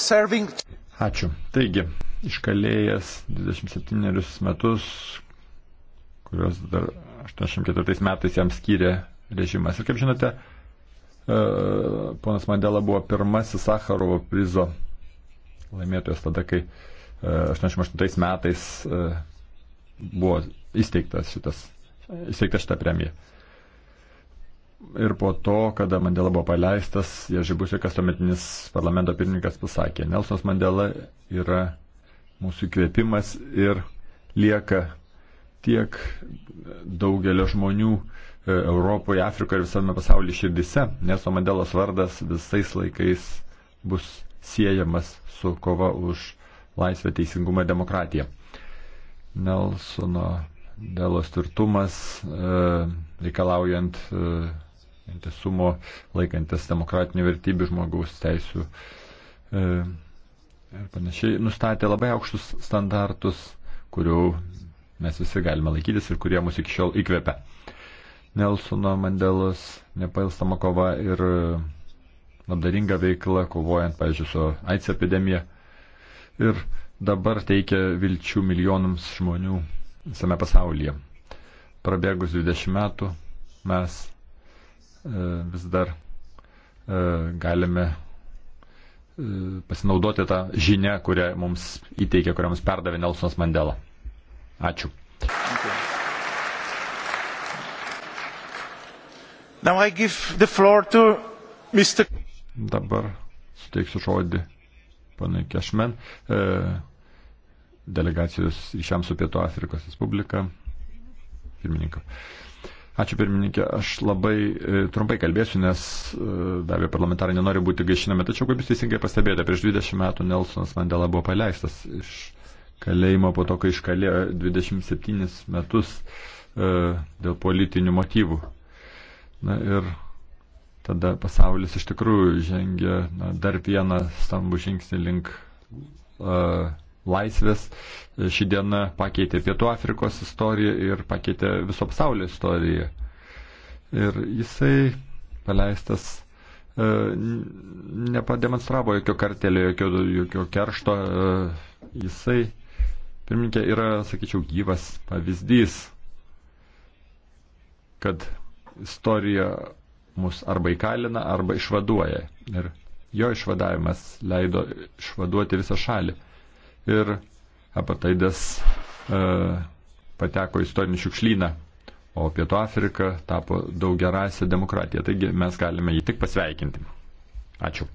Serving... Ačiū. Taigi, iškalėjęs 27 metus, kuriuos dar 84 metais jam skyrė režimas. Ir kaip žinote, e, ponas Mandela buvo pirmasis Sakarovo prizo laimėtojas tada, kai 88 e, metais e, buvo įsteigtas šitas, įsteigta šita premija ir po to, kada Mandela buvo paleistas, Ježibusikas tuometinis parlamento pirmininkas pasakė, Nelsonas Mandela yra mūsų įkvėpimas ir lieka tiek daugelio žmonių e, Europoje, Afrikoje ir visame pasaulyje širdise. Nelson Mandelos vardas visais laikais bus siejamas su kova už laisvę, teisingumą, demokratiją. Nelsono Delos tvirtumas e, reikalaujant e, vientisumo, laikantis demokratinių vertybių, žmogaus teisų e, ir panašiai, nustatė labai aukštus standartus, kurių mes visi galime laikytis ir kurie mus iki šiol įkvepia. Nelsono Mandelos nepailstama kova ir labdaringa veikla, kovojant, pavyzdžiui, su AIDS epidemija. Ir dabar teikia vilčių milijonams žmonių visame pasaulyje. Prabėgus 20 metų mes E, vis dar e, galime e, pasinaudoti tą žinią, kurią mums įteikė, kurią mums perdavė Nelsonas Mandela. Ačiū. Mr... Dabar suteiksiu žodį panai Kešmen, delegacijos iš jam su Pietų Afrikos Respublika, pirmininką. Ačiū pirmininkė, aš labai e, trumpai kalbėsiu, nes e, be abejo parlamentarai nenori būti gaišinami, tačiau kaip jūs teisingai pastebėjote, prieš 20 metų Nelsonas Mandela buvo paleistas iš kalėjimo po to, kai iškalėjo 27 metus e, dėl politinių motyvų. Na ir tada pasaulis iš tikrųjų žengė na, dar vieną stambų žingsnį link uh, laisvės. Ši diena pakeitė Pietų Afrikos istoriją ir pakeitė viso pasaulio istoriją. Ir jisai paleistas e, nepademonstravo jokio kartelio, jokio, jokio keršto. E, jisai, pirmininkė, yra, sakyčiau, gyvas pavyzdys, kad istorija mus arba įkalina, arba išvaduoja. Ir jo išvadavimas leido išvaduoti visą šalį ir apataidas e, pateko į istorinį šiukšlyną, o Pietų Afrika tapo daugiarasę demokratiją. Taigi mes galime jį tik pasveikinti. Ačiū.